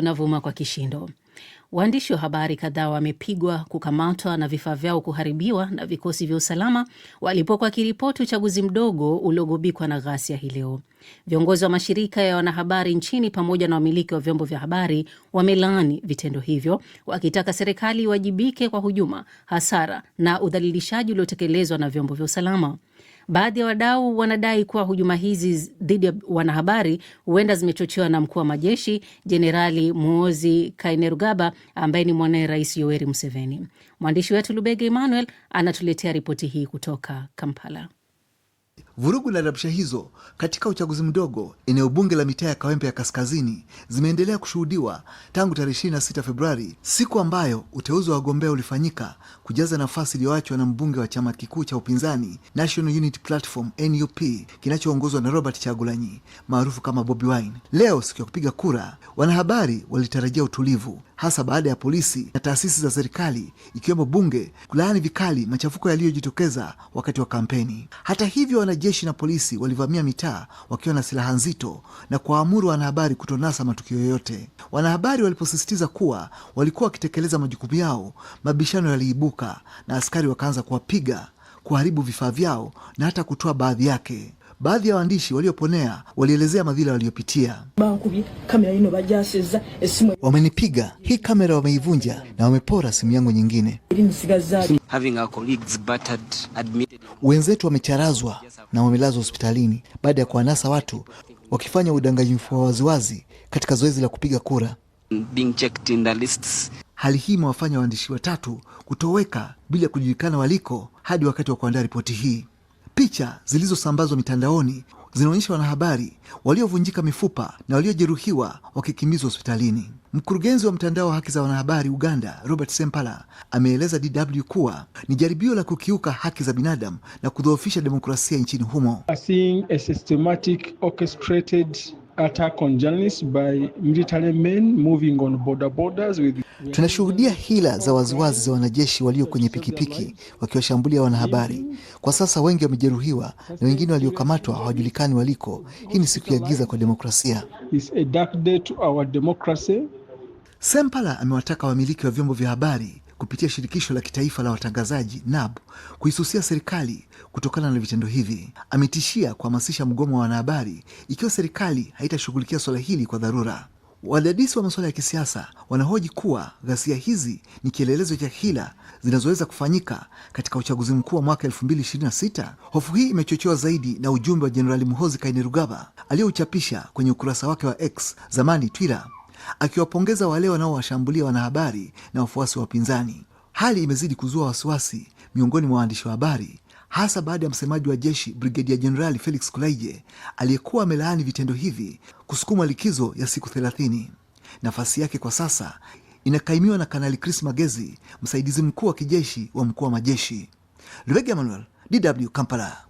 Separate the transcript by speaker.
Speaker 1: tunavuma kwa kishindo. Waandishi wa habari kadhaa wamepigwa, kukamatwa na vifaa vyao kuharibiwa na vikosi vya usalama walipokuwa wakiripoti uchaguzi mdogo uliogubikwa na ghasia hii leo. Viongozi wa mashirika ya wanahabari nchini pamoja na wamiliki wa vyombo vya habari wamelaani vitendo hivyo, wakitaka serikali iwajibike kwa hujuma, hasara na udhalilishaji uliotekelezwa na vyombo vya usalama. Baadhi ya wadau wanadai kuwa hujuma hizi dhidi ya wanahabari huenda zimechochewa na mkuu wa majeshi Jenerali Muozi Kainerugaba ambaye ni mwanaye Rais Yoweri Museveni. Mwandishi wetu lubege Emmanuel anatuletea ripoti hii kutoka Kampala.
Speaker 2: Vurugu na rabsha hizo katika uchaguzi mdogo eneo bunge la mitaa ya Kawempe ya Kaskazini zimeendelea kushuhudiwa tangu tarehe 26 Februari, siku ambayo uteuzi wa wagombea ulifanyika kujaza nafasi iliyoachwa na mbunge wa chama kikuu cha upinzani National Unity Platform NUP kinachoongozwa na Robert Chagulanyi maarufu kama Bobi Wine. Leo siku ya kupiga kura, wanahabari walitarajia utulivu, hasa baada ya polisi na taasisi za serikali ikiwemo bunge kulaani vikali machafuko yaliyojitokeza wakati wa kampeni. Hata hivyo, wanajeshi na polisi walivamia mitaa wakiwa na silaha nzito na kuwaamuru wanahabari kutonasa matukio yoyote. Wanahabari waliposisitiza kuwa walikuwa wakitekeleza majukumu yao, mabishano yaliibuka na askari wakaanza kuwapiga, kuharibu vifaa vyao na hata kutoa baadhi yake. Baadhi ya waandishi walioponea walielezea madhila waliyopitia. Wamenipiga hii kamera, wameivunja na wamepora simu yangu nyingine. Wenzetu wamecharazwa na wamelazwa hospitalini baada ya kuwanasa watu wakifanya udanganyifu wa waziwazi katika zoezi la kupiga kura. Hali hii imewafanya waandishi watatu kutoweka bila kujulikana waliko hadi wakati wa kuandaa ripoti hii. Picha zilizosambazwa mitandaoni zinaonyesha wanahabari waliovunjika mifupa na waliojeruhiwa wakikimbizwa hospitalini. Mkurugenzi wa mtandao wa haki za wanahabari Uganda, Robert Sempala, ameeleza DW kuwa ni jaribio la kukiuka haki za binadamu na kudhoofisha demokrasia nchini humo
Speaker 3: attack on journalists by military men moving on border borders with...
Speaker 2: Tunashuhudia hila za waziwazi za wanajeshi walio kwenye pikipiki wakiwashambulia wanahabari. Kwa sasa wengi wamejeruhiwa na wengine waliokamatwa hawajulikani waliko. Hii ni siku ya giza kwa demokrasia.
Speaker 3: It's a dark day to our democracy.
Speaker 2: Sempala amewataka wamiliki wa vyombo vya habari kupitia shirikisho la kitaifa la watangazaji NAB kuisusia serikali kutokana na vitendo hivi. Ametishia kuhamasisha mgomo wa wanahabari ikiwa serikali haitashughulikia suala hili kwa dharura. Wadadisi wa masuala ya kisiasa wanahoji kuwa ghasia hizi ni kielelezo cha hila zinazoweza kufanyika katika uchaguzi mkuu wa mwaka 2026. Hofu hii imechochewa zaidi na ujumbe wa Jenerali Muhozi Kainerugaba aliyouchapisha kwenye ukurasa wake wa X, zamani Twitter, akiwapongeza wale wanaowashambulia wanahabari na wafuasi wa upinzani. Hali imezidi kuzua wasiwasi miongoni mwa waandishi wa habari hasa baada ya msemaji wa jeshi Brigedia Jenerali Felix Kulaije aliyekuwa amelaani vitendo hivi kusukuma likizo ya siku thelathini. Nafasi yake kwa sasa inakaimiwa na Kanali Chris Magezi, msaidizi mkuu wa kijeshi wa mkuu wa majeshi. Lubega Manuel, DW, Kampala.